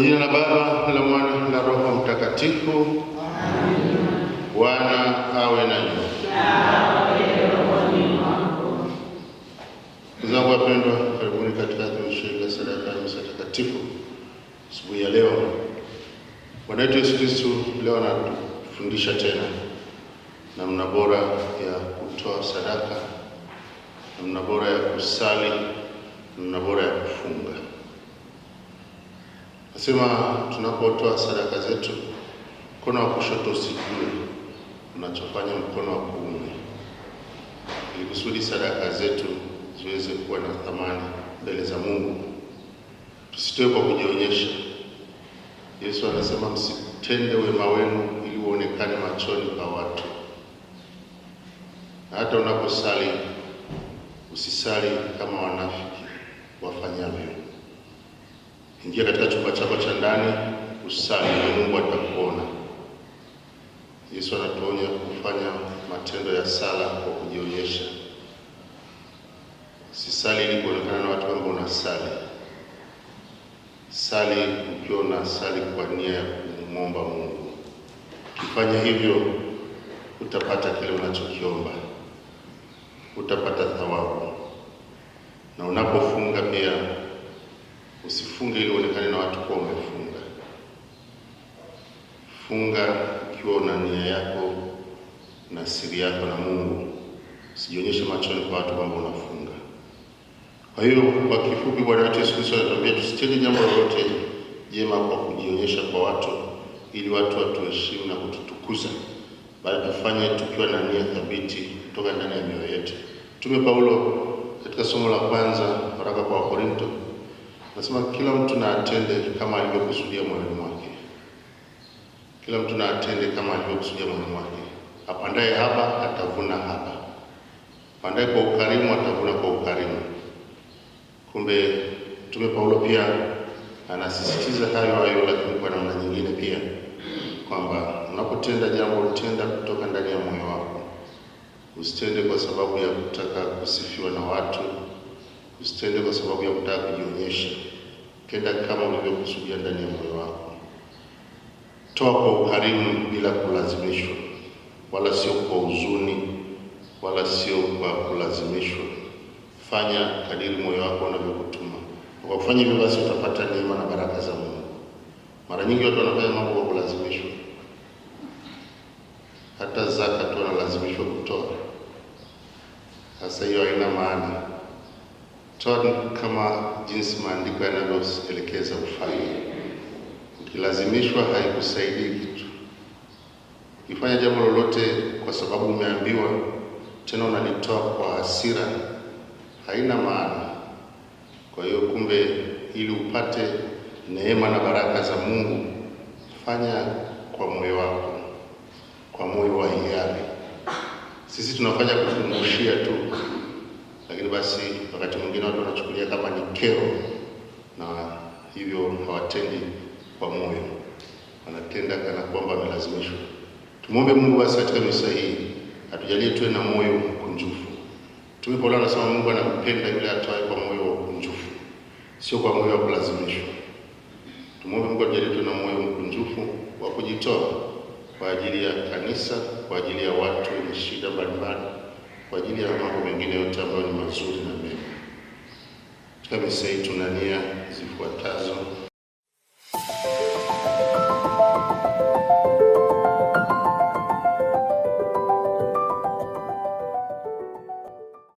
Kwa jina la Baba la Mwana na Roho Mtakatifu, Amen. Bwana awe nanyi. Ndugu zangu wapendwa, karibuni katika adhimisho la sadaka ya misa takatifu asubuhi ya leo. Bwana wetu Yesu Kristo leo anatufundisha tena namna bora ya kutoa sadaka, namna bora ya kusali, namna bora ya kufunga Nasema tunapotoa sadaka zetu, mkono wa kushoto usijue unachofanya mkono wa kuume, ili kusudi sadaka zetu ziweze kuwa na thamani mbele za Mungu. Tusitoe kwa kujionyesha. Yesu anasema msitende wema wenu ili uonekane machoni pa watu. Na hata unaposali usisali kama wanafiki wafanyavyo. Ingia katika chumba chako cha ndani, usali na Mungu atakuona. Yesu anatuonya kufanya matendo ya sala kwa kujionyesha. sali ili kuonekana na watu kwamba unasali. Sali ukiwa unasali kwa nia ya kumwomba Mungu. Ukifanya hivyo, utapata kile unachokiomba, utapata thawabu, na unapofunga pia Usifunge ili uonekane na watu kuwa umefunga. Funga ukiwa una nia yako na siri yako na Mungu, usijionyeshe machoni kwa watu kwamba unafunga. Kwa hiyo kwa kifupi, Bwana wetu Yesu Kristo anatuambia tusitende jambo lolote jema kwa kujionyesha kwa watu, ili watu watuheshimu na kututukuza, bali tufanye tukiwa na nia thabiti kutoka ndani ya mioyo yetu. Mtume Paulo katika somo la kwanza waraka kwa Wakorinto Nasema kila mtu na atende kama alivyokusudia moyoni mwake, kila mtu na atende kama alivyokusudia moyoni mwake. Apandaye hapa atavuna hapa, apandaye kwa ukarimu atavuna kwa ukarimu. Kumbe Mtume Paulo pia anasisitiza hayo hayo, lakini kwa namna nyingine pia kwamba unapotenda jambo utenda kutoka ndani ya moyo wako, usitende kwa sababu ya kutaka kusifiwa na watu Usitende kwa sababu ya kutaka kujionyesha. Tenda kama ulivyokusudia ndani ya moyo wako. Toa kwa ukarimu bila kulazimishwa, wala sio kwa huzuni, wala sio kwa kulazimishwa. Fanya kadiri moyo wako unavyokutuma. Kwa kufanya hivyo, basi utapata neema na baraka za Mungu. Mara nyingi watu wanafanya mambo kwa kulazimishwa, hata zaka tu wanalazimishwa kutoa. Sasa hiyo haina maana. Tunu kama jinsi maandiko yanavyoelekeza ufanye. Ukilazimishwa haikusaidii kitu. Ukifanya jambo lolote kwa sababu umeambiwa, tena unalitoa kwa hasira, haina maana. Kwa hiyo, kumbe, ili upate neema na baraka za Mungu, fanya kwa moyo wako, kwa moyo wa hiari. Sisi tunafanya kufungushia tu lakini basi wakati mwingine watu wanachukulia kama ni kero, na hivyo hawatendi kwa moyo, wanatenda kana kwamba wamelazimishwa. Tumwombe Mungu basi katika misa hii atujalie tuwe na moyo mkunjufu. Mtume Paulo anasema Mungu anampenda yule atoaye kwa moyo wa ukunjufu, sio kwa moyo wa kulazimishwa. Tumwombe Mungu atujalie tuwe na moyo mkunjufu wa kujitoa kwa ajili ya kanisa, kwa ajili ya watu wenye shida mbalimbali kwa ajili ya mambo mengine yote ambayo ni mazuri na mema. Katika misa hii tuna nia zifuatazo.